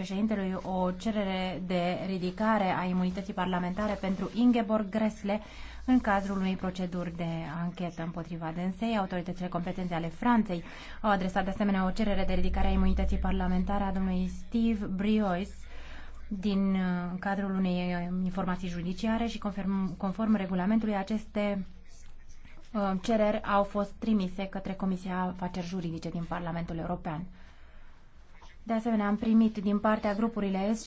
președintelui o cerere de ridicare a imunității parlamentare pentru Ingeborg Gresle în cadrul unei proceduri de anchetă împotriva dânsei. Autoritățile competente ale Franței au adresat de asemenea o cerere de ridicare a imunității parlamentare a domnului Steve Briois din uh, cadrul unei uh, informații judiciare și conform, conform regulamentului aceste uh, cereri au fost trimise către Comisia Afaceri Juridice din Parlamentul European. De asemenea, am primit din partea grupurile S